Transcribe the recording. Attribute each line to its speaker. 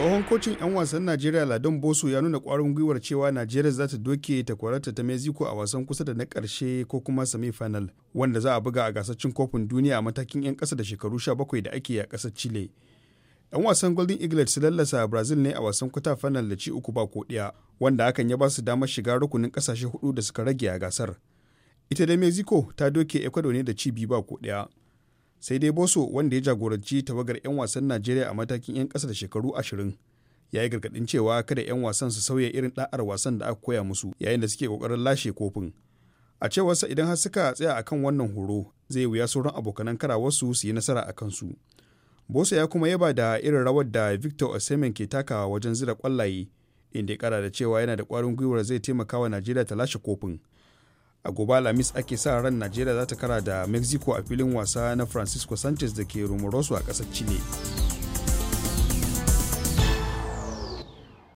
Speaker 1: tsohon kocin 'yan wasan najeriya ladon boso ya nuna kwarin gwiwar cewa najeriya za ta doke takwararta ta mexico a wasan kusa da na karshe ko kuma sami final wanda za a buga a gasar cin kofin duniya a matakin 'yan kasa da shekaru bakwai da ake a kasar chile 'yan wasan golden eagles su lallasa brazil ne a wasan kwata final da ci uku ba ko ɗaya wanda hakan ya ba su damar shiga rukunin kasashe hudu da suka rage a gasar ita da mexico ta doke ecuador ne da ci biyu ba ko ɗaya sai dai boso wanda ya jagoranci tawagar 'yan wasan najeriya a matakin 'yan ƙasa da shekaru ashirin ya yi gargaɗin cewa kada 'yan wasan su sauya irin ɗa'ar wasan da aka koya musu yayin da suke ƙoƙarin lashe kofin a cewarsa idan har suka tsaya akan wannan horo zai wuya sauran abokanan karawarsu su yi nasara a kansu boso ya kuma yaba da irin rawar da victor osimhen ke takawa wajen zira kwallaye inda ya kara da cewa yana da kwarin gwiwar zai taimaka wa najeriya ta lashe kofin a gobe alhamis ake sa ran najeriya za ta kara da mexico a filin wasa na francisco sanchez da ke rumoroso a ƙasar chile